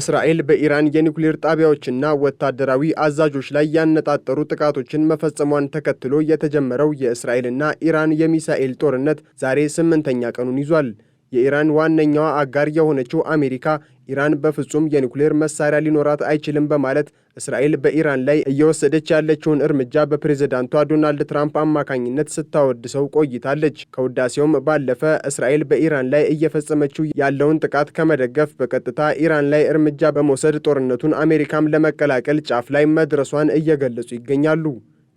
እስራኤል በኢራን የኒውክሌር ጣቢያዎችና ወታደራዊ አዛዦች ላይ ያነጣጠሩ ጥቃቶችን መፈጸሟን ተከትሎ የተጀመረው የእስራኤልና ኢራን የሚሳኤል ጦርነት ዛሬ ስምንተኛ ቀኑን ይዟል። የኢራን ዋነኛዋ አጋር የሆነችው አሜሪካ ኢራን በፍጹም የኒውክሌር መሳሪያ ሊኖራት አይችልም በማለት እስራኤል በኢራን ላይ እየወሰደች ያለችውን እርምጃ በፕሬዝዳንቷ ዶናልድ ትራምፕ አማካኝነት ስታወድሰው ቆይታለች። ከውዳሴውም ባለፈ እስራኤል በኢራን ላይ እየፈጸመችው ያለውን ጥቃት ከመደገፍ በቀጥታ ኢራን ላይ እርምጃ በመውሰድ ጦርነቱን አሜሪካም ለመቀላቀል ጫፍ ላይ መድረሷን እየገለጹ ይገኛሉ።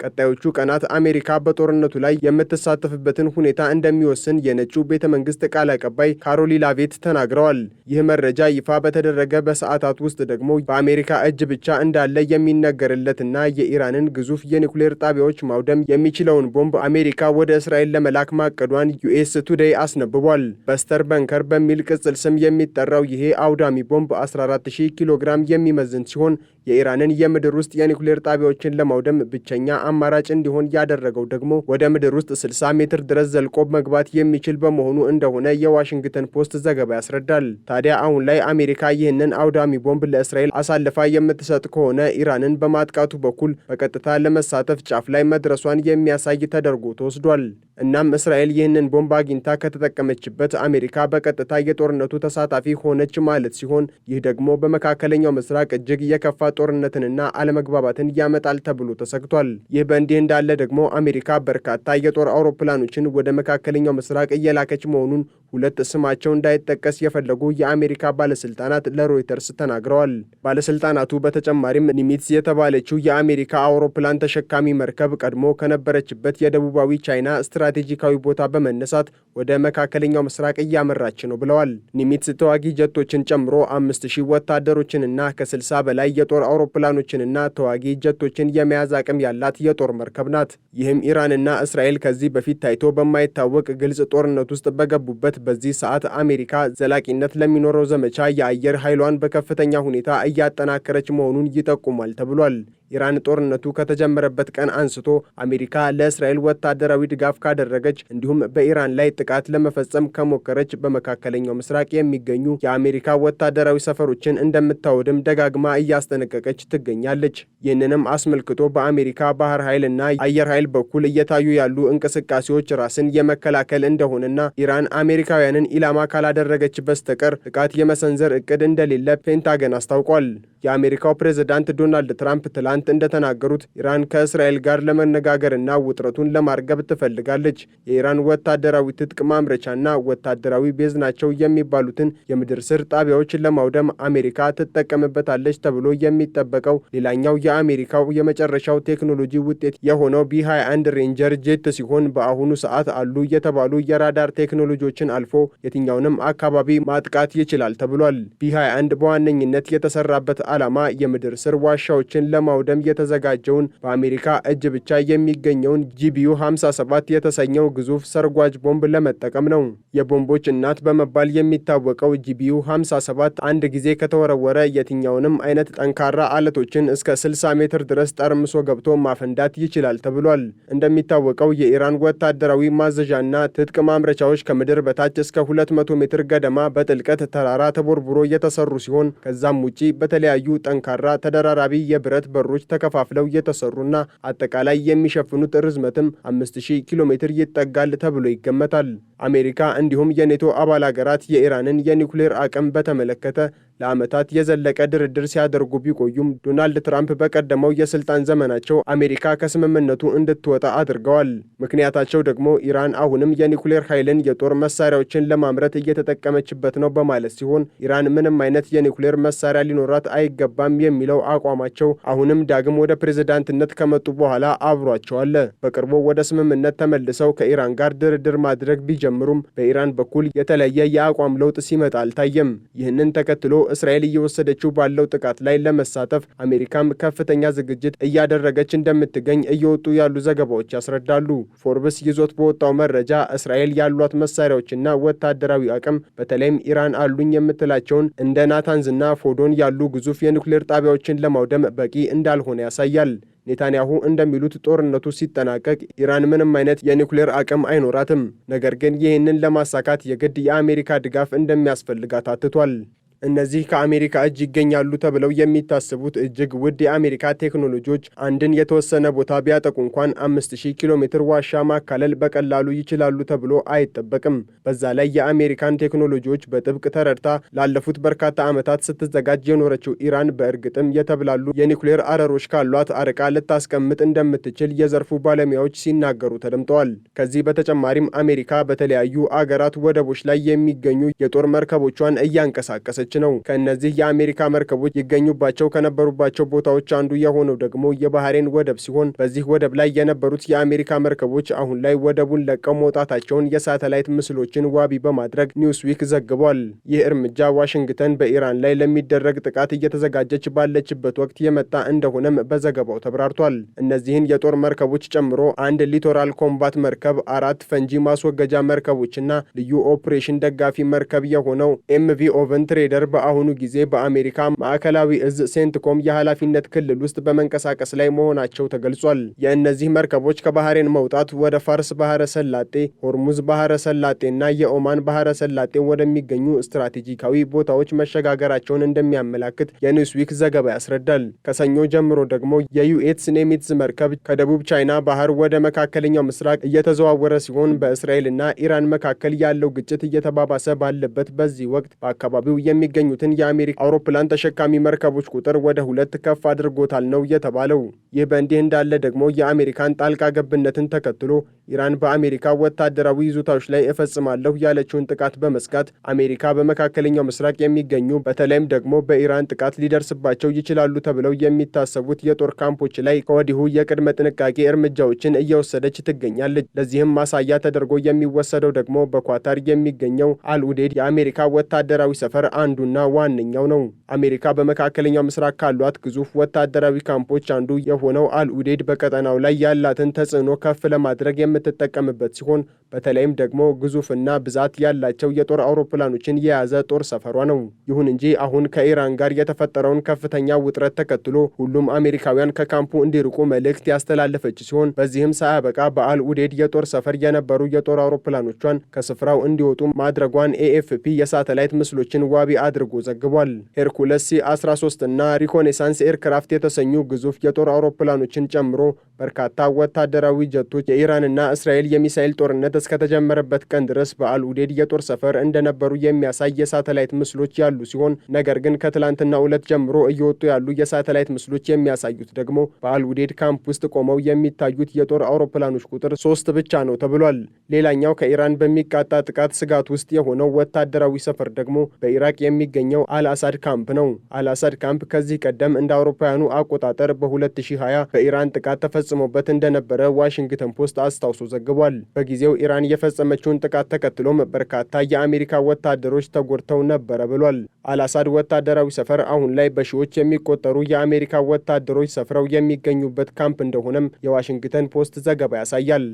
ቀጣዮቹ ቀናት አሜሪካ በጦርነቱ ላይ የምትሳተፍበትን ሁኔታ እንደሚወስን የነጩ ቤተ መንግስት ቃል አቀባይ ካሮሊ ላቬት ተናግረዋል። ይህ መረጃ ይፋ በተደረገ በሰዓታት ውስጥ ደግሞ በአሜሪካ እጅ ብቻ እንዳለ የሚነገርለትና የኢራንን ግዙፍ የኒኩሌር ጣቢያዎች ማውደም የሚችለውን ቦምብ አሜሪካ ወደ እስራኤል ለመላክ ማቀዷን ዩኤስ ቱዴይ አስነብቧል። በስተር በንከር በሚል ቅጽል ስም የሚጠራው ይሄ አውዳሚ ቦምብ 14000 ኪሎ ግራም የሚመዝን ሲሆን የኢራንን የምድር ውስጥ የኒኩሌር ጣቢያዎችን ለማውደም ብቸኛ አማራጭ እንዲሆን ያደረገው ደግሞ ወደ ምድር ውስጥ 60 ሜትር ድረስ ዘልቆ መግባት የሚችል በመሆኑ እንደሆነ የዋሽንግተን ፖስት ዘገባ ያስረዳል። ታዲያ አሁን ላይ አሜሪካ ይህንን አውዳሚ ቦምብ ለእስራኤል አሳልፋ የምትሰጥ ከሆነ ኢራንን በማጥቃቱ በኩል በቀጥታ ለመሳተፍ ጫፍ ላይ መድረሷን የሚያሳይ ተደርጎ ተወስዷል። እናም እስራኤል ይህንን ቦምብ አግኝታ ከተጠቀመችበት አሜሪካ በቀጥታ የጦርነቱ ተሳታፊ ሆነች ማለት ሲሆን ይህ ደግሞ በመካከለኛው ምስራቅ እጅግ የከፋ ጦርነትንና አለመግባባትን ያመጣል ተብሎ ተሰግቷል። ይህ በእንዲህ እንዳለ ደግሞ አሜሪካ በርካታ የጦር አውሮፕላኖችን ወደ መካከለኛው ምስራቅ እየላከች መሆኑን ሁለት ስማቸው እንዳይጠቀስ የፈለጉ የአሜሪካ ባለስልጣናት ለሮይተርስ ተናግረዋል። ባለስልጣናቱ በተጨማሪም ኒሚትስ የተባለችው የአሜሪካ አውሮፕላን ተሸካሚ መርከብ ቀድሞ ከነበረችበት የደቡባዊ ቻይና ስትራቴጂካዊ ቦታ በመነሳት ወደ መካከለኛው ምስራቅ እያመራች ነው ብለዋል። ኒሚትስ ተዋጊ ጀቶችን ጨምሮ አምስት ሺህ ወታደሮችንና 60 በላይ የጦር አውሮፕላኖችንና ተዋጊ ጀቶችን የመያዝ አቅም ያላት የጦር መርከብ ናት። ይህም ኢራንና እስራኤል ከዚህ በፊት ታይቶ በማይታወቅ ግልጽ ጦርነት ውስጥ በገቡበት በዚህ ሰዓት አሜሪካ ዘላቂነት ለሚኖረው ዘመቻ የአየር ኃይሏን በከፍተኛ ሁኔታ እያጠናከረች መሆኑን ይጠቁማል ተብሏል። ኢራን ጦርነቱ ከተጀመረበት ቀን አንስቶ አሜሪካ ለእስራኤል ወታደራዊ ድጋፍ ካደረገች እንዲሁም በኢራን ላይ ጥቃት ለመፈጸም ከሞከረች በመካከለኛው ምስራቅ የሚገኙ የአሜሪካ ወታደራዊ ሰፈሮችን እንደምታወድም ደጋግማ እያስጠነቀቀች ትገኛለች። ይህንንም አስመልክቶ በአሜሪካ ባህር ኃይልና አየር ኃይል በኩል እየታዩ ያሉ እንቅስቃሴዎች ራስን የመከላከል እንደሆነና ኢራን አሜሪካውያንን ኢላማ ካላደረገች በስተቀር ጥቃት የመሰንዘር እቅድ እንደሌለ ፔንታገን አስታውቋል። የአሜሪካው ፕሬዝዳንት ዶናልድ ትራምፕ ትላንት ትናንት እንደተናገሩት ኢራን ከእስራኤል ጋር ለመነጋገርና ውጥረቱን ለማርገብ ትፈልጋለች። የኢራን ወታደራዊ ትጥቅ ማምረቻና ወታደራዊ ቤዝ ናቸው የሚባሉትን የምድር ስር ጣቢያዎች ለማውደም አሜሪካ ትጠቀምበታለች ተብሎ የሚጠበቀው ሌላኛው የአሜሪካው የመጨረሻው ቴክኖሎጂ ውጤት የሆነው ቢ21 ሬንጀር ጄት ሲሆን በአሁኑ ሰዓት አሉ የተባሉ የራዳር ቴክኖሎጂዎችን አልፎ የትኛውንም አካባቢ ማጥቃት ይችላል ተብሏል። ቢ21 በዋነኝነት የተሰራበት ዓላማ የምድር ስር ዋሻዎችን ለማውደ ለማውደም የተዘጋጀውን በአሜሪካ እጅ ብቻ የሚገኘውን ጂቢዩ 57 የተሰኘው ግዙፍ ሰርጓጅ ቦምብ ለመጠቀም ነው። የቦምቦች እናት በመባል የሚታወቀው ጂቢዩ 57 አንድ ጊዜ ከተወረወረ የትኛውንም አይነት ጠንካራ አለቶችን እስከ 60 ሜትር ድረስ ጠርምሶ ገብቶ ማፈንዳት ይችላል ተብሏል። እንደሚታወቀው የኢራን ወታደራዊ ማዘዣና ትጥቅ ማምረቻዎች ከምድር በታች እስከ 200 ሜትር ገደማ በጥልቀት ተራራ ተቦርቡሮ የተሰሩ ሲሆን ከዛም ውጪ በተለያዩ ጠንካራ ተደራራቢ የብረት በሮች መስመሮች ተከፋፍለው የተሰሩና አጠቃላይ የሚሸፍኑት ርዝመትም 5000 ኪሎ ሜትር ይጠጋል ተብሎ ይገመታል። አሜሪካ እንዲሁም የኔቶ አባል አገራት የኢራንን የኒውክሌር አቅም በተመለከተ ለዓመታት የዘለቀ ድርድር ሲያደርጉ ቢቆዩም ዶናልድ ትራምፕ በቀደመው የስልጣን ዘመናቸው አሜሪካ ከስምምነቱ እንድትወጣ አድርገዋል። ምክንያታቸው ደግሞ ኢራን አሁንም የኒኩሌር ኃይልን፣ የጦር መሳሪያዎችን ለማምረት እየተጠቀመችበት ነው በማለት ሲሆን ኢራን ምንም አይነት የኒኩሌር መሳሪያ ሊኖራት አይገባም የሚለው አቋማቸው አሁንም ዳግም ወደ ፕሬዝዳንትነት ከመጡ በኋላ አብሯቸው አለ። በቅርቡ ወደ ስምምነት ተመልሰው ከኢራን ጋር ድርድር ማድረግ ቢጀምሩም በኢራን በኩል የተለየ የአቋም ለውጥ ሲመጣ አልታየም። ይህንን ተከትሎ እስራኤል እየወሰደችው ባለው ጥቃት ላይ ለመሳተፍ አሜሪካም ከፍተኛ ዝግጅት እያደረገች እንደምትገኝ እየወጡ ያሉ ዘገባዎች ያስረዳሉ። ፎርብስ ይዞት በወጣው መረጃ እስራኤል ያሏት መሳሪያዎችና ወታደራዊ አቅም በተለይም ኢራን አሉኝ የምትላቸውን እንደ ናታንዝና ፎዶን ያሉ ግዙፍ የኒውክሌር ጣቢያዎችን ለማውደም በቂ እንዳልሆነ ያሳያል። ኔታንያሁ እንደሚሉት ጦርነቱ ሲጠናቀቅ ኢራን ምንም አይነት የኒውክሌር አቅም አይኖራትም። ነገር ግን ይህንን ለማሳካት የግድ የአሜሪካ ድጋፍ እንደሚያስፈልጋት አትቷል። እነዚህ ከአሜሪካ እጅ ይገኛሉ ተብለው የሚታሰቡት እጅግ ውድ የአሜሪካ ቴክኖሎጂዎች አንድን የተወሰነ ቦታ ቢያጠቁ እንኳን 5000 ኪሎ ሜትር ዋሻ ማካለል በቀላሉ ይችላሉ ተብሎ አይጠበቅም። በዛ ላይ የአሜሪካን ቴክኖሎጂዎች በጥብቅ ተረድታ ላለፉት በርካታ ዓመታት ስትዘጋጅ የኖረችው ኢራን በእርግጥም የተብላሉ የኒውክሌር አረሮች ካሏት አርቃ ልታስቀምጥ እንደምትችል የዘርፉ ባለሙያዎች ሲናገሩ ተደምጠዋል። ከዚህ በተጨማሪም አሜሪካ በተለያዩ አገራት ወደቦች ላይ የሚገኙ የጦር መርከቦቿን እያንቀሳቀሰች ነው። ከእነዚህ የአሜሪካ መርከቦች ይገኙባቸው ከነበሩባቸው ቦታዎች አንዱ የሆነው ደግሞ የባህሬን ወደብ ሲሆን በዚህ ወደብ ላይ የነበሩት የአሜሪካ መርከቦች አሁን ላይ ወደቡን ለቀው መውጣታቸውን የሳተላይት ምስሎችን ዋቢ በማድረግ ኒውስዊክ ዘግቧል። ይህ እርምጃ ዋሽንግተን በኢራን ላይ ለሚደረግ ጥቃት እየተዘጋጀች ባለችበት ወቅት የመጣ እንደሆነም በዘገባው ተብራርቷል። እነዚህን የጦር መርከቦች ጨምሮ አንድ ሊቶራል ኮምባት መርከብ፣ አራት ፈንጂ ማስወገጃ መርከቦችና ልዩ ኦፕሬሽን ደጋፊ መርከብ የሆነው ኤምቪ ኦቨን ትሬደር በአሁኑ ጊዜ በአሜሪካ ማዕከላዊ እዝ ሴንትኮም የኃላፊነት ክልል ውስጥ በመንቀሳቀስ ላይ መሆናቸው ተገልጿል። የእነዚህ መርከቦች ከባህሬን መውጣት ወደ ፋርስ ባህረ ሰላጤ፣ ሆርሙዝ ባህረ ሰላጤ የኦማን ባህረ ሰላጤ ወደሚገኙ ስትራቴጂካዊ ቦታዎች መሸጋገራቸውን እንደሚያመላክት የኒውስዊክ ዘገባ ያስረዳል። ከሰኞ ጀምሮ ደግሞ የዩኤትስ ኔሚትዝ መርከብ ከደቡብ ቻይና ባህር ወደ መካከለኛው ምስራቅ እየተዘዋወረ ሲሆን በእስራኤል ኢራን መካከል ያለው ግጭት እየተባባሰ ባለበት በዚህ ወቅት በአካባቢው የሚ የሚገኙትን የአሜሪካ አውሮፕላን ተሸካሚ መርከቦች ቁጥር ወደ ሁለት ከፍ አድርጎታል ነው የተባለው። ይህ በእንዲህ እንዳለ ደግሞ የአሜሪካን ጣልቃ ገብነትን ተከትሎ ኢራን በአሜሪካ ወታደራዊ ይዞታዎች ላይ እፈጽማለሁ ያለችውን ጥቃት በመስጋት አሜሪካ በመካከለኛው ምስራቅ የሚገኙ በተለይም ደግሞ በኢራን ጥቃት ሊደርስባቸው ይችላሉ ተብለው የሚታሰቡት የጦር ካምፖች ላይ ከወዲሁ የቅድመ ጥንቃቄ እርምጃዎችን እየወሰደች ትገኛለች። ለዚህም ማሳያ ተደርጎ የሚወሰደው ደግሞ በኳታር የሚገኘው አልኡዴድ የአሜሪካ ወታደራዊ ሰፈር አንዱ አንዱና ዋነኛው ነው። አሜሪካ በመካከለኛው ምስራቅ ካሏት ግዙፍ ወታደራዊ ካምፖች አንዱ የሆነው አልኡዴድ በቀጠናው ላይ ያላትን ተጽዕኖ ከፍ ለማድረግ የምትጠቀምበት ሲሆን በተለይም ደግሞ ግዙፍና ብዛት ያላቸው የጦር አውሮፕላኖችን የያዘ ጦር ሰፈሯ ነው። ይሁን እንጂ አሁን ከኢራን ጋር የተፈጠረውን ከፍተኛ ውጥረት ተከትሎ ሁሉም አሜሪካውያን ከካምፑ እንዲርቁ መልእክት ያስተላለፈች ሲሆን በዚህም ሳያበቃ በአል የጦር ሰፈር የነበሩ የጦር አውሮፕላኖቿን ከስፍራው እንዲወጡ ማድረጓን ኤኤፍፒ የሳተላይት ምስሎችን ዋቢ አድርጎ ዘግቧል። ሄርኩለስ ሲ13 እና ሪኮኔሳንስ ኤርክራፍት የተሰኙ ግዙፍ የጦር አውሮፕላኖችን ጨምሮ በርካታ ወታደራዊ ጀቶች የኢራንና እስራኤል የሚሳኤል ጦርነት እስከተጀመረበት ቀን ድረስ በአል ኡዴድ የጦር ሰፈር እንደነበሩ የሚያሳይ የሳተላይት ምስሎች ያሉ ሲሆን ነገር ግን ከትላንትና ዕለት ጀምሮ እየወጡ ያሉ የሳተላይት ምስሎች የሚያሳዩት ደግሞ በአል ካምፕ ውስጥ ቆመው የሚታዩት የጦር አውሮፕላኖች ቁጥር ሶስት ብቻ ነው ተብሏል። ሌላኛው ከኢራን በሚቃጣ ጥቃት ስጋት ውስጥ የሆነው ወታደራዊ ሰፈር ደግሞ በኢራቅ የሚገኘው አልአሳድ ካምፕ ነው። አልአሳድ ካምፕ ከዚህ ቀደም እንደ አውሮፓውያኑ አቆጣጠር በ2020 በኢራን ጥቃት ተፈጽሞበት እንደነበረ ዋሽንግተን ፖስት አስታውሶ ዘግቧል። በጊዜው ኢራን የፈጸመችውን ጥቃት ተከትሎም በርካታ የአሜሪካ ወታደሮች ተጎድተው ነበረ ብሏል። አልአሳድ ወታደራዊ ሰፈር አሁን ላይ በሺዎች የሚቆጠሩ የአሜሪካ ወታደሮች ሰፍረው የሚገኙበት ካምፕ እንደሆነም የዋሽንግተን ፖስት ዘገባ ያሳያል።